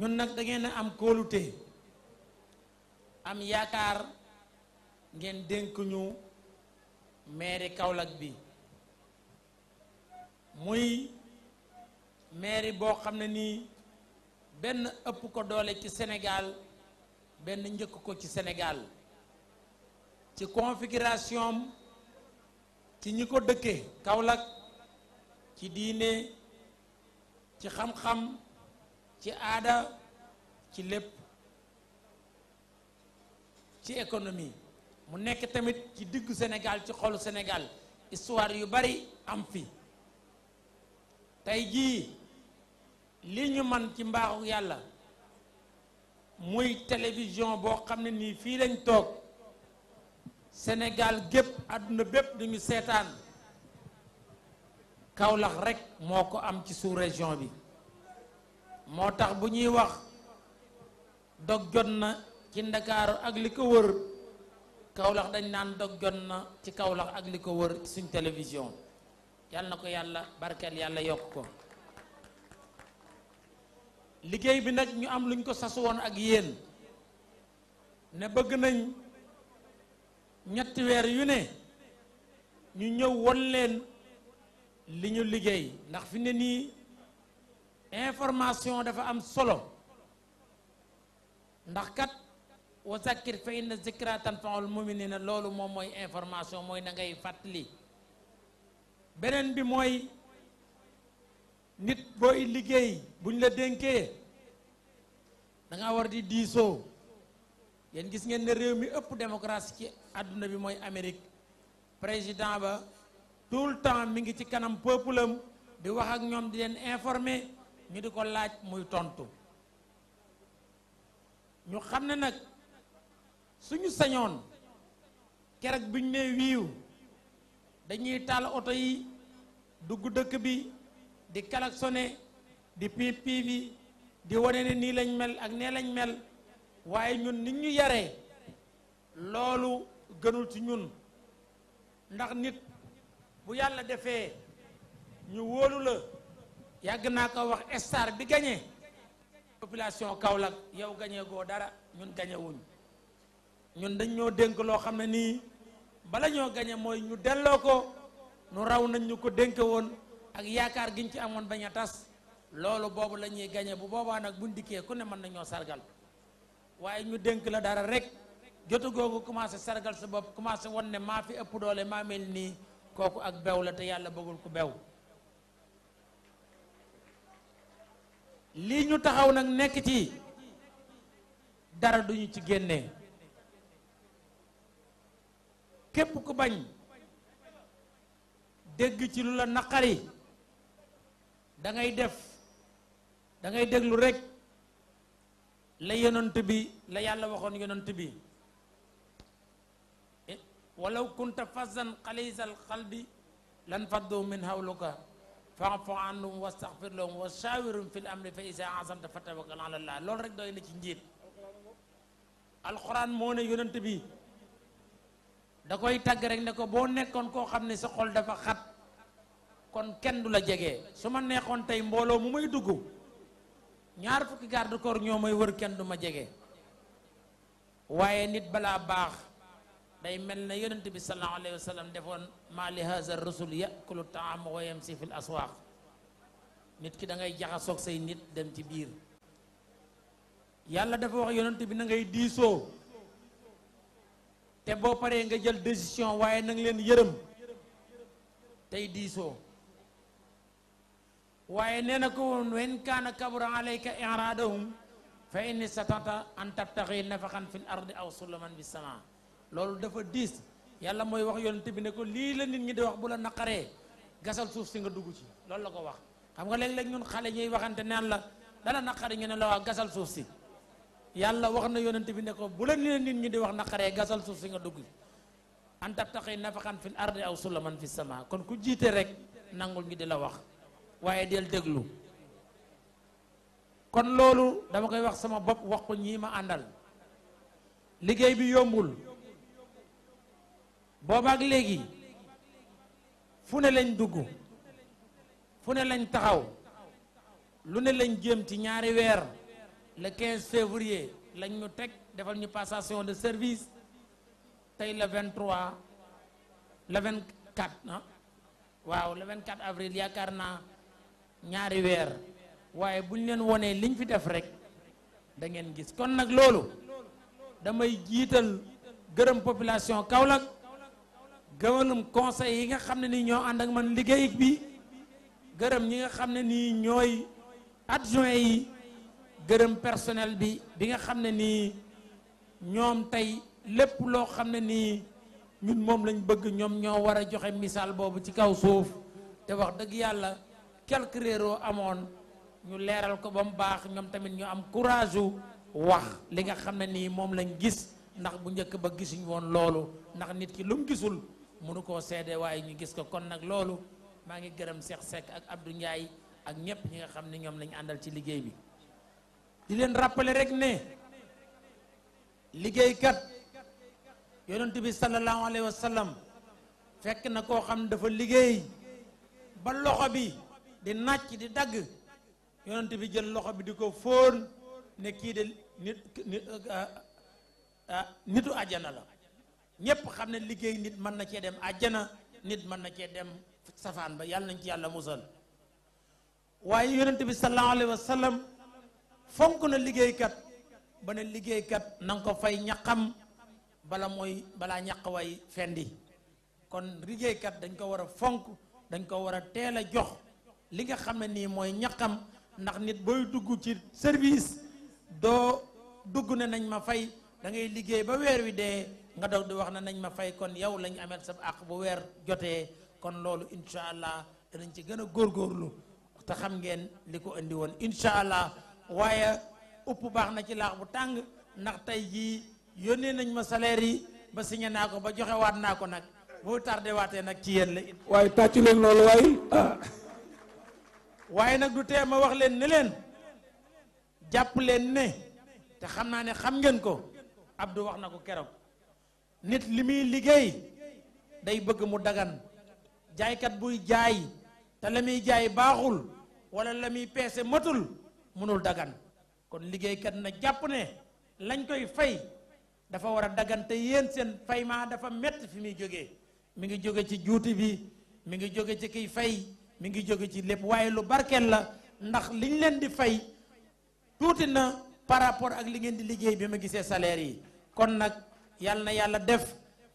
ñun nag dangeen a am kóolute am yaakaar ngeen dénk ñu mairie bi muy mairie boo xam ne nii benn ëpp ko doole ci Sénégal benn njëkk ko ci Sénégal ci configuration ci ñi ko dëkkee Kaolack ci diine ci xam-xam ci aada ci lépp ci économie mu nekk tamit ci diggu Sénégal ci xolu Sénégal histoire yu bari am fi tey jii li ñu man ci mbaaxu yàlla muy télévision boo xam ne nii fii lañ toog Sénégal gépp àdduna bépp duñu seetaan Kaolack rek moo ko am ci sous-région bi moo tax bu ñuy wax dog jot na ci ndakaaru ak li ko wër kawlax dañ naan dog jot na ci kawlax ak li ko wër suñ télévision yal na ko yàlla barkeel yàlla yokk ko liggéey bi nag ñu am luñ ko sasu woon ak yéen ne bëgg nañ ñetti weer yu ne ñu ñëw won leen li ñu liggéey ndax fi ne nii information dafa am solo ndax kat wa zakkir fa inna moom tanfaul muminina loolu moom mooy information mooy na ngay fàttali beneen bi mooy nit booy liggéey buñ la dénkee da nga war di diisoo yéen gis ngeen ne réew mi ëpp démocratie ci àdduna bi mooy Amérique président ba tout le temps mi ngi ci kanam peuple am di wax ak ñoom di leen informer ñu di ko laaj muy tontu ñu xam ne nag suñu sañoon keroog bi ñu nee wiiw dañuy taal oto yi dugg dëkk bi di klaxonné di piip bi di wone ne nii lañ mel ak nee lañ mel waaye ñun nit ñu yare loolu gënul ci ñun ndax nit bu yàlla defee ñu wóolu la yàgg naa ko wax star bi gagné population Kaolack yow gagné goo dara ñun gagné wuñ ñun dañ ñoo dënk loo xam ne nii bala ñoo gagné mooy ñu delloo ko nu raw nañ ñu ko dénk woon ak yaakaar giñ ci amoon bañ a tas loolu boobu lañuy ñuy gagné bu boobaa nag buñ dikkee ku ne mën nañoo sargal waaye ñu dënk la dara rek jotu googu commencé sargal sa bopp commencer won ne maa fi ëpp doole maa mel nii kooku ak bew la te yàlla bëggul ku bew lii ñu taxaw nag nekk ci dara duñu ci génne képp ku bañ dégg ci lu la naqari dangay def dangay ngay déglu rek la yonent bi la yàlla waxoon yonent bi eh, walaw kunta fazzan xalisal xalbi lan faddu min hawluka fa'fu anhum wastaghfir lahum wa shawirhum fil amri fa iza azamta fatawakkal ala Allah lool rek doy na ci njiit alxuraan moo ne yonent bi da koy tagg rek ne ko boo nekkoon koo xam ne sa xol dafa xat kon kenn du la jege su ma neexoon tey mbooloo mu may dugg ñaar fukki garde corps ñoo may wër kenn du ma jege waaye nit balaa baax day mel ne yonent bi sallallahu alayhi wa sallam defoon maa li haza rasul yakulu taam wa yamsi fil aswaaq nit ki dangay ngay jaxasoog say nit dem ci biir yàlla dafa wax yonent bi na ngay diisoo te boo paree nga jël décision waaye na leen yërëm tey diisoo waaye nee na ko wen kaana kabura alayka iraadahum fa in istatata an tabtaxi nafaxan fi ardi aw sulaman bi sama loolu dafa diis yàlla mooy wax yonent bi ne ko lii la nit ñi di wax bu la naqaree gasal suuf si nga dugg ci loolu la ko wax xam nga léeg-léeg ñun xale ñuy waxante naan la dala naqari ñu ne la waa gasal suuf si yàlla wax na yonent bi ne bu la lii la ñi di wax naqaree gasal suuf si nga dugg an tabtaqi nafaqan fil ardi aw sulaman fi sama kon ku jiite rek nangul ñu di la wax waaye del déglu kon loolu dama koy wax sama bopp wax ko ñii ma àndal liggéey bi yombul boobaak léegi fu ne lañ dugg fu ne lañ taxaw lu ne lañ jéem ci ñaari weer le 15 février lañ ñu teg defal ñu passation de service tey le 23 le 24 ah waaw le 24 avril yaakaar naa ñaari weer waaye buñ leen wonee liñ fi def rek da ngeen gis kon nag loolu damay jiital gërëm population Kaolack gërëm conseil yi nga xam ne nii ñoo ànd ak man liggéey bi gërëm ñi nga xam ne nii ñooy adjoint yi gërëm personnel bi bi nga xam ne nii ñoom tey lépp loo xam ne nii ñun moom lañ bëgg ñoom ñoo war a joxe misaal boobu ci kaw suuf te wax dëgg yàlla quelque réeroo amoon ñu leeral ko ba mu baax ñoom tamit ñu am courage u wax li nga xam ne nii moom lañ gis ndax bu njëkk ba gisuñ woon loolu ndax nit ki lu mu gisul mënu koo seede waaye ñu gis ko kon nag loolu maa ngi gërëm Cheikh Seck ak abdu njaay ak ñëpp ñi nga xam ne ñoom lañu àndal ci liggéey bi di leen rappeler rek ne liggéeykat yonent bi sallallahu alayhi wa fekk na koo xam dafa liggéey ba loxo bi di nàcc di dagg yonent bi jël loxo bi di ko fóon ne kii de nit ah, ah, nitu àjjana la ñépp xam ne liggéey nit mën na cee dem àjjana nit mën na cee dem safaan ba yàlla nañ ci yàlla musal waaye yonent bi sallallahu alayhi wa fonk na liggéeykat ba ne liggéeykat nanga ko fay ñaxam bala mooy balaa ñaq way fendi kon liggéeykat dañ ko war a fonk dañ ko war a teel a jox li nga xam ne nii mooy ñaqam ndax nit booy dugg ci service doo dugg ne nañ ma fay dangay liggéey ba weer wi dee nga doog di wax na nañ ma fay kon yow lañu amel sa àq bu weer jotee kon loolu incha allah nañ ci gën a góorlu te xam ngeen li ko indi woon incha allah waaye upp baax na ci laax bu tàng ndax tey jii yónnee nañ ma saleer yi ba signé naa ko ba joxe waat naa ko nag bu tardé waatee nag ci yéen la. waaye tàccu leen loolu waaye waaye nag du tee ma wax leen ne leen jàpp leen ne te xam naa ne xam ngeen ko Abdou wax na ko keroog. nit li muy liggéey day bëgg mu dagan jaaykat buy jaay te la muy jaay baaxul wala la muy peese matul mënul dagan kon liggéeykat na jàpp ne lañ koy fay dafa war a dagan te yéen seen faymaa dafa metti fi muy jóge mi ngi jóge ci juuti bi mi ngi jóge ci kiy fay mi ngi jóge ci lépp waaye lu barkeel la ndax liñ leen di fay tuuti na par rapport ak li ngeen di liggéey bi ma gisee salaire yi kon nag yàlla na yàlla def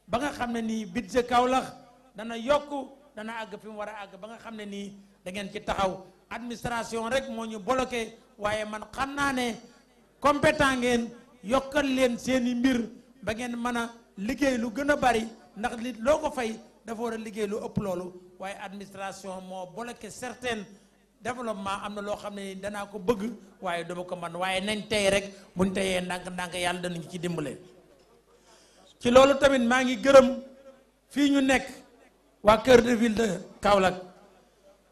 ba nga xam ne nii kaw Kaolack dana yokk dana àgg fi mu war a àgg ba nga xam ne nii da ngeen ci taxaw administration rek moo ñu boloke waaye man xam naa ne compétent ngeen yokkal leen seeni mbir ba ngeen mën a liggéey lu gën a bari ndax li loo ko fay dafa war a liggéey lu ëpp loolu waaye administration moo bloqué certaine développement am na loo xam ne ni danaa ko bëgg waaye duma ko man waaye nañ tey rek buñ teyee ndànk ndànk yàlla danañu ci dimbale ci loolu tamit maa ngi gërëm fii ñu nekk waa cœur de ville de Kaolack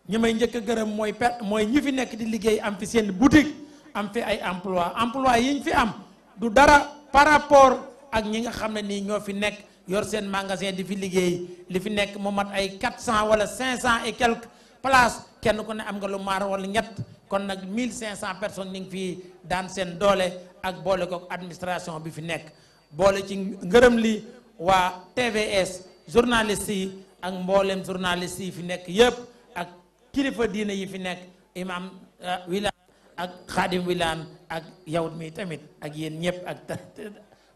ñi may njëkk gërëm mooy per mooy ñi fi nekk di liggéey am fi seen boutique am fi ay emploi emploi yi ñu fi am du dara par rapport ak ñi nga xam ne nii ñoo fi nekk yor seen magasin di fi liggéey li fi nekk mu mat ay 400 wala 500 et quelque places kenn ku ne am nga lu maar wala ñett kon nag mille cinq 1500 personnes ñu ngi fii daan seen doole ak boole ko administration bi fi nekk boole ci ngërëm li waa TVS journaliste yi ak mboolem journaliste yi fi nekk yépp ak kilifa diine yi fi nekk imam euh, Wilane ak Khadim wilaan ak yow mi tamit ak yéen ñëpp ak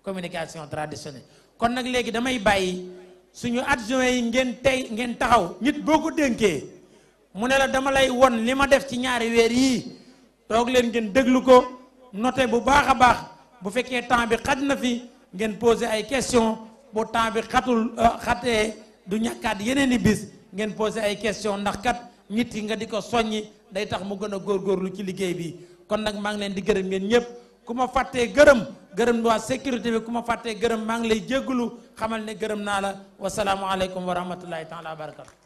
communication traditionnelle kon nag léegi damay bàyyi suñu adjoint yi ngeen tey ngeen taxaw nit boo ko dénkee mu ne la dama lay won li ma def ci ñaari weer yi toog leen ngeen déglu ko noté bu baax a baax bu fekkee temps bi xaj na fi ngeen posé ay question boo temps bi xatul euh, xatee du ñàkkaat yeneen i bis ngeen posé ay question ndax kat nit yi nga di ko soññi day tax mu gën a góor góorgóorlu ci liggéey bi kon nag maa ngi leen di gërëm ngeen ñëpp ku ma fàttee gërëm gërëm waa sécurité bi ku ma fàttee gërëm maa ngi lay jéggulu xamal ne gërëm naa la wasalaamualeykum wa rahmatullahi taala wa barakatu